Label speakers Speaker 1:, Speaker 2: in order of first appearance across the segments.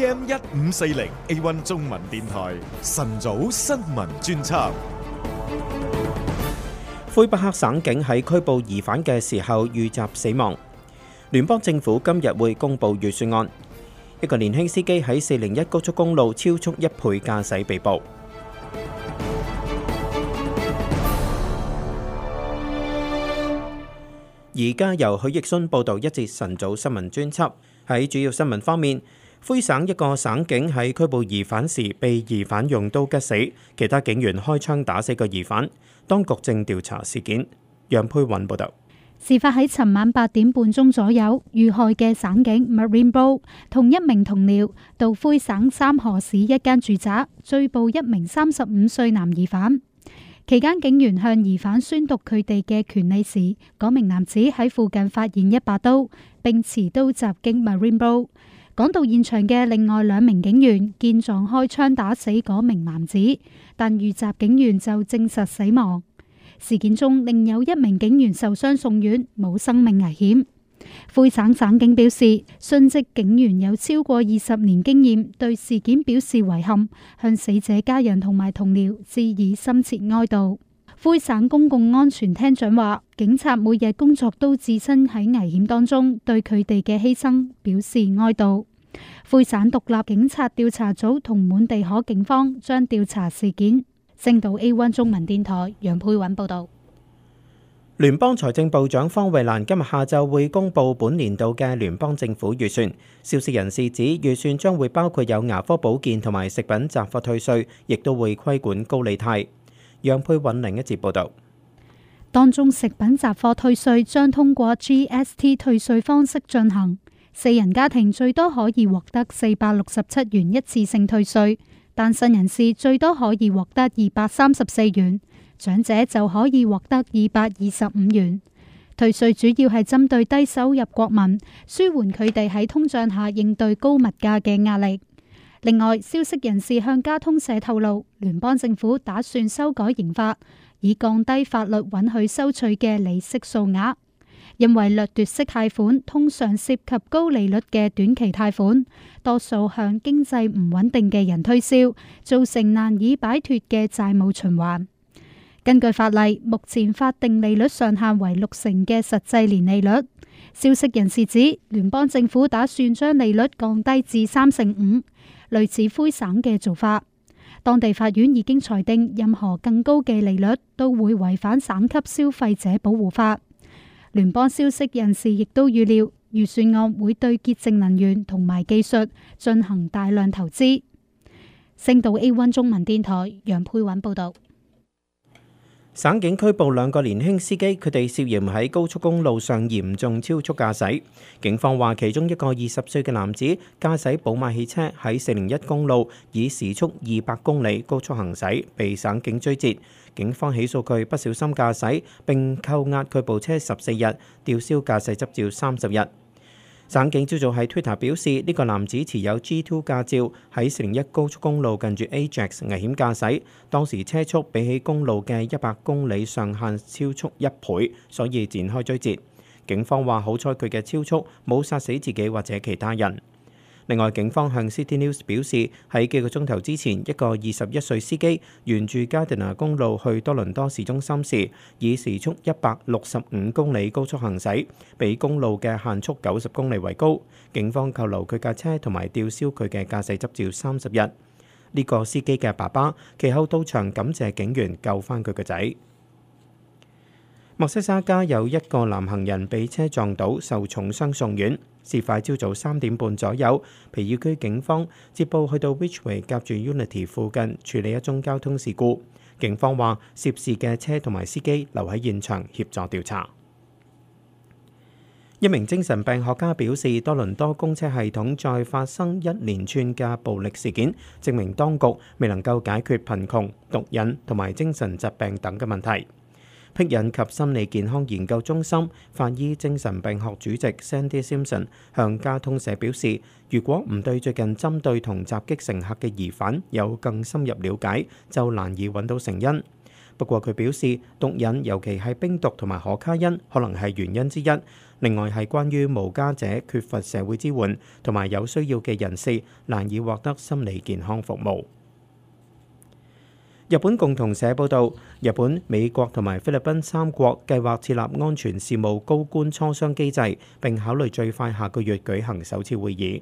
Speaker 1: AM 一五四零 A1 中文電台晨早新聞專輯。魁北克省警喺拘捕疑犯嘅時候遇襲死亡。聯邦政府今日會公布預算案。一個年輕司機喺四零一高速公路超速一倍駕駛被捕。而家由許逸迅報道一節晨早新聞專輯。喺主要新聞方面。灰省一個省警喺拘捕疑犯時，被疑犯用刀拮死，其他警員開槍打死個疑犯。當局正調查事件。楊佩雲報道，
Speaker 2: 事發喺尋晚八點半鐘左右。遇害嘅省警 Marine Bo 同一名同僚到灰省三河市一間住宅追捕一名三十五歲男疑犯。期間，警員向疑犯宣讀佢哋嘅權利時，嗰名男子喺附近發現一把刀，並持刀襲擊 Marine Bo。趕到現場嘅另外兩名警員見狀開槍打死嗰名男子，但遇襲警員就證實死亡。事件中另有一名警員受傷送院，冇生命危險。灰省省警表示，殉職警員有超過二十年經驗，對事件表示遺憾，向死者家人同埋同僚致以深切哀悼。魁省公共安全廳長話，警察每日工作都置身喺危險當中，對佢哋嘅犧牲表示哀悼。魁省獨立警察調查組同滿地可警方將調查事件。星島 A1 中文電台，楊佩韻報道。
Speaker 1: 聯邦財政部長方慧蘭今日下晝會公布本年度嘅聯邦政府預算。消息人士指預算將會包括有牙科保健同埋食品雜貨退稅，亦都會規管高利貸。楊佩韻另一節報道，
Speaker 2: 當中食品雜貨退稅將通過 GST 退稅方式進行，四人家庭最多可以獲得四百六十七元一次性退稅，單身人士最多可以獲得二百三十四元，長者就可以獲得二百二十五元。退稅主要係針對低收入國民，舒緩佢哋喺通脹下應對高物價嘅壓力。另外，消息人士向加通社透露，聯邦政府打算修改刑法，以降低法律允許收取嘅利息數額，因為掠奪式貸款通常涉及高利率嘅短期貸款，多數向經濟唔穩定嘅人推銷，造成難以擺脫嘅債務循環。根據法例，目前法定利率上限為六成嘅實際年利率。消息人士指，聯邦政府打算將利率降低至三成五。類似灰省嘅做法，當地法院已經裁定任何更高嘅利率都會違反省級消費者保護法。聯邦消息人士亦都預料，預算案會對潔淨能源同埋技術進行大量投資。星島 A1 中文電台楊佩韻報道。
Speaker 1: 省警拘捕兩個年輕司機，佢哋涉嫌喺高速公路上嚴重超速駕駛。警方話，其中一個二十歲嘅男子駕駛寶馬汽車喺四零一公路以時速二百公里高速行駛，被省警追截。警方起訴佢不小心駕駛，並扣押佢部車十四日，吊銷駕駛執照三十日。省警朝早喺 Twitter 表示，呢、這個男子持有 G2 駕照，喺四零一高速公路近住 Ajax 危險駕駛，當時車速比起公路嘅一百公里上限超速一倍，所以展開追截。警方話，好彩佢嘅超速冇殺死自己或者其他人。另外，警方向 City News 表示，喺幾個鐘頭之前，一個二十一歲司機沿住加迪拿公路去多倫多市中心時，以時速一百六十五公里高速行駛，比公路嘅限速九十公里為高。警方扣留佢架車同埋吊銷佢嘅駕駛執照三十日。呢個司機嘅爸爸其後到場感謝警員救翻佢個仔。密西沙加有一個男行人被車撞倒，受重傷送院。事發朝早三點半左右，皮爾區警方接報去到 Richway 夾住 Unity 附近處理一宗交通事故。警方話涉事嘅車同埋司機留喺現場協助調查。一名精神病學家表示，多倫多公車系統再發生一連串嘅暴力事件，證明當局未能夠解決貧窮、毒癮同埋精神疾病等嘅問題。癮及心理健康研究中心法醫精神病學主席 Sandy Simpson 向加通社表示，如果唔對最近針對同襲擊乘客嘅疑犯有更深入了解，就難以揾到成因。不過佢表示，毒癮尤其係冰毒同埋可卡因可能係原因之一。另外係關於無家者缺乏社會支援，同埋有需要嘅人士難以獲得心理健康服務。日本共同社報道，日本、美國同埋菲律賓三國計劃設立安全事務高官磋商機制，並考慮最快下個月舉行首次會議。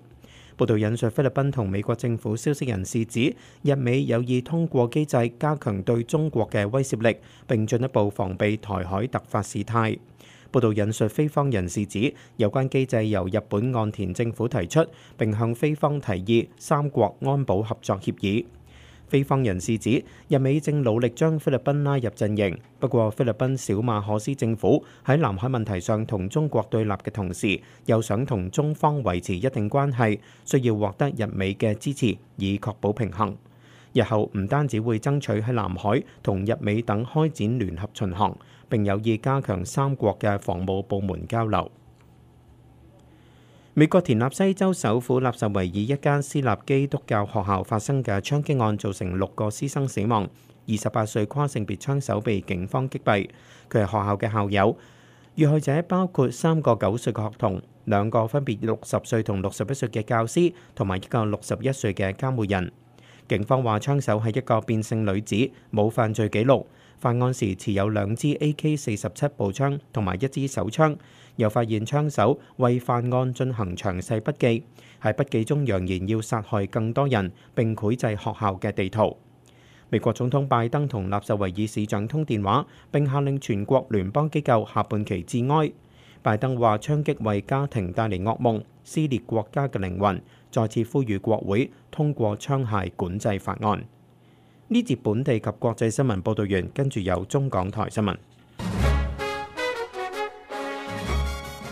Speaker 1: 報道引述菲律賓同美國政府消息人士指，日美有意通過機制加強對中國嘅威懾力，並進一步防備台海突發事態。報道引述菲方人士指，有關機制由日本岸田政府提出，並向菲方提議三國安保合作協議。菲方人士指，日美正努力將菲律賓拉入陣營，不過菲律賓小馬可斯政府喺南海問題上同中國對立嘅同時，又想同中方維持一定關係，需要獲得日美嘅支持，以確保平衡。日後唔單止會爭取喺南海同日美等開展聯合巡航，並有意加強三國嘅防務部門交流。美國田納西州首府納什維爾一間私立基督教學校發生嘅槍擊案，造成六個師生死亡。二十八歲跨性別槍手被警方擊斃，佢係學校嘅校友。遇害者包括三個九歲嘅學童，兩個分別六十歲同六十一歲嘅教師，同埋一個六十一歲嘅監護人。警方話槍手係一個變性女子，冇犯罪記錄。犯案時持有兩支 AK 四十七步槍同埋一支手槍。又發現槍手為犯案進行詳細筆記，喺筆記中揚言要殺害更多人，並繪製學校嘅地圖。美國總統拜登同納什維爾市長通電話，並下令全國聯邦機構下半旗致哀。拜登話槍擊為家庭帶嚟噩夢，撕裂國家嘅靈魂，再次呼籲國會通過槍械管制法案。呢節本地及國際新聞報導完，跟住有中港台新聞。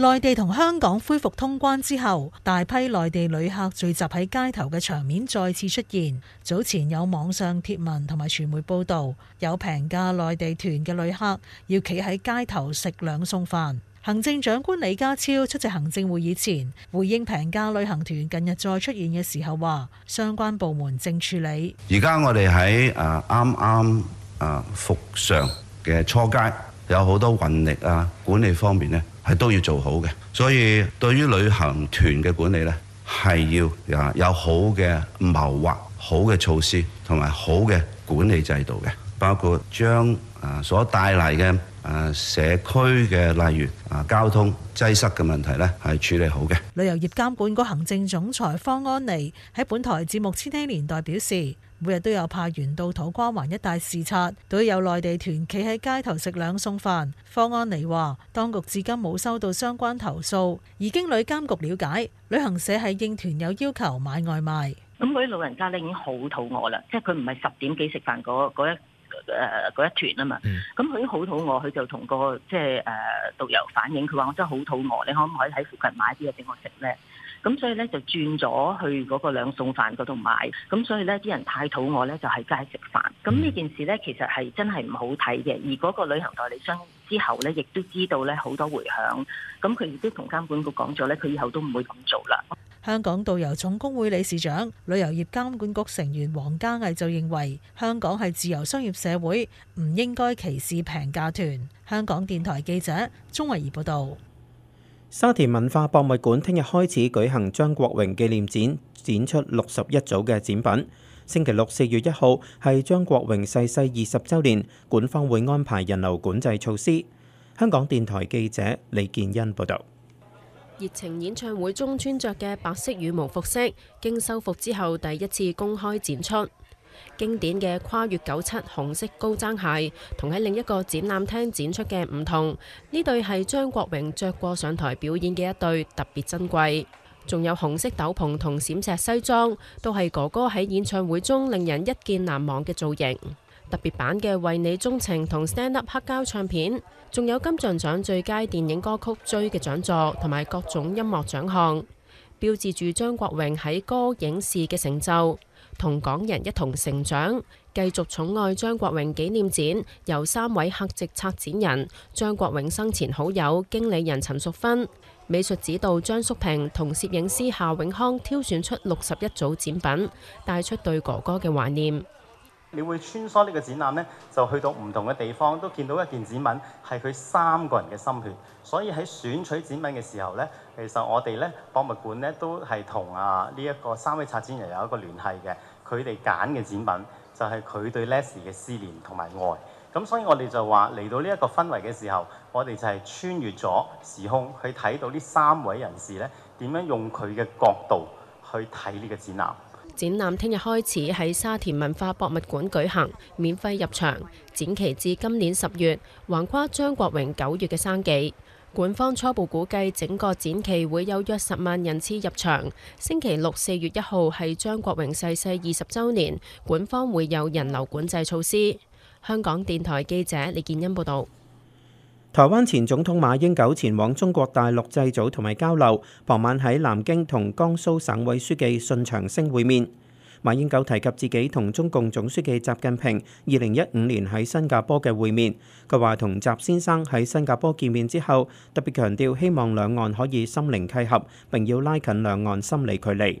Speaker 3: 內地同香港恢復通關之後，大批內地旅客聚集喺街頭嘅場面再次出現。早前有網上帖文同埋傳媒報道，有平價內地團嘅旅客要企喺街頭食兩餸飯。行政長官李家超出席行政會議前，回應平價旅行團近日再出現嘅時候話：相關部門正處理。
Speaker 1: 而家我哋喺誒啱啱誒復常嘅初階，有好多運力啊，管理方面呢。係都要做好嘅，所以對於旅行團嘅管理咧，係要有，有好嘅謀劃、好嘅措施同埋好嘅管理制度嘅，包括將、呃、所帶嚟嘅。誒，社區嘅，例如啊，交通擠塞嘅問題咧，係處理好嘅。
Speaker 3: 旅遊業監管局行政總裁方安妮喺本台節目《千禧年代》表示，每日都有派員到土瓜灣一帶視察，對於有內地團企喺街頭食兩餸飯，方安妮話當局至今冇收到相關投訴，而經旅監局了解，旅行社係應團友要求買外賣。咁嗰啲老人家已經好肚餓啦，即係佢唔係十點幾食飯嗰嗰一。誒嗰一團啊嘛，咁佢好肚餓，佢就同個即係誒導遊反映，佢話我真係好肚餓，你可唔可以喺附近買啲嘢俾我食咧？咁所以咧就轉咗去嗰個兩餸飯嗰度買，咁所以咧啲人太肚餓咧就係街食飯。咁呢件事咧其實係真係唔好睇嘅，而嗰個旅行代理商之後咧亦都知道咧好多迴響，咁佢亦都同監管局講咗咧，佢以後都唔會咁做啦。香港導遊總工會理事長、旅遊業監管局成員黃嘉毅就認為，香港係自由商業社會，唔應該歧視平價團。香港電台記者鍾慧儀報道。
Speaker 1: 沙田文化博物館聽日開始舉行張國榮紀念展，展出六十一組嘅展品。星期六四月一號係張國榮逝世二十周年，館方會安排人流管制措施。香港電台記者李建恩報道。
Speaker 4: 熱情演唱會中穿着嘅白色羽毛服飾，經修復之後第一次公開展出。經典嘅跨越九七紅色高踭鞋，同喺另一個展覽廳展出嘅唔同，呢對係張國榮着過上台表演嘅一對，特別珍貴。仲有紅色斗篷同閃石西裝，都係哥哥喺演唱會中令人一見難忘嘅造型。特別版嘅《為你鍾情》同《Stand Up》黑膠唱片，仲有金像獎最佳電影歌曲追嘅獎座，同埋各種音樂獎項，標誌住張國榮喺歌、影、視嘅成就，同港人一同成長。繼續寵愛張國榮紀念展，由三位客席策展人張國榮生前好友、經理人陳淑芬、美術指導張淑平同攝影師夏永康挑選出六十一組展品，帶出對哥哥嘅懷
Speaker 1: 念。你會穿梭呢個展覽呢，就去到唔同嘅地方，都見到一件展品係佢三個人嘅心血。所以喺選取展品嘅時候呢，其實我哋呢博物館呢，都係同啊呢一個三位策展人有一個聯繫嘅。佢哋揀嘅展品就係佢對 Leslie 嘅思念同埋愛。咁所以我哋就話嚟到呢一個氛圍嘅時候，我哋就係穿越咗時空去睇到呢三位人士呢點樣用佢嘅角度去睇呢個展覽。
Speaker 4: 展覽聽日開始喺沙田文化博物館舉行，免費入場，展期至今年十月，橫跨張國榮九月嘅生忌。館方初步估計，整個展期會有約十萬人次入場。星期六四月一號係張國榮逝世二十周年，館方會有人流管制措施。香港電台記者李建欣報道。
Speaker 1: 台灣前總統馬英九前往中國大陸祭祖同埋交流，傍晚喺南京同江蘇省委書記信長星會面。馬英九提及自己同中共總書記習近平二零一五年喺新加坡嘅會面，佢話同習先生喺新加坡見面之後，特別強調希望兩岸可以心靈契合，並要拉近兩岸心理距離。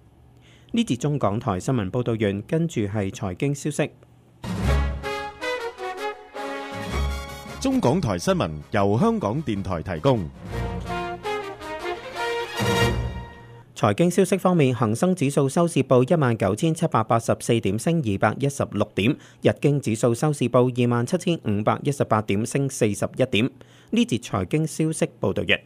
Speaker 1: 呢節中港台新聞報道完，跟住係財經消息。中港台新聞由香港電台提供。財經消息方面，恒生指數收市報一萬九千七百八十四點，升二百一十六點；日經指數收市報二萬七千五百一十八點，升四十一點。呢節財經消息報道完。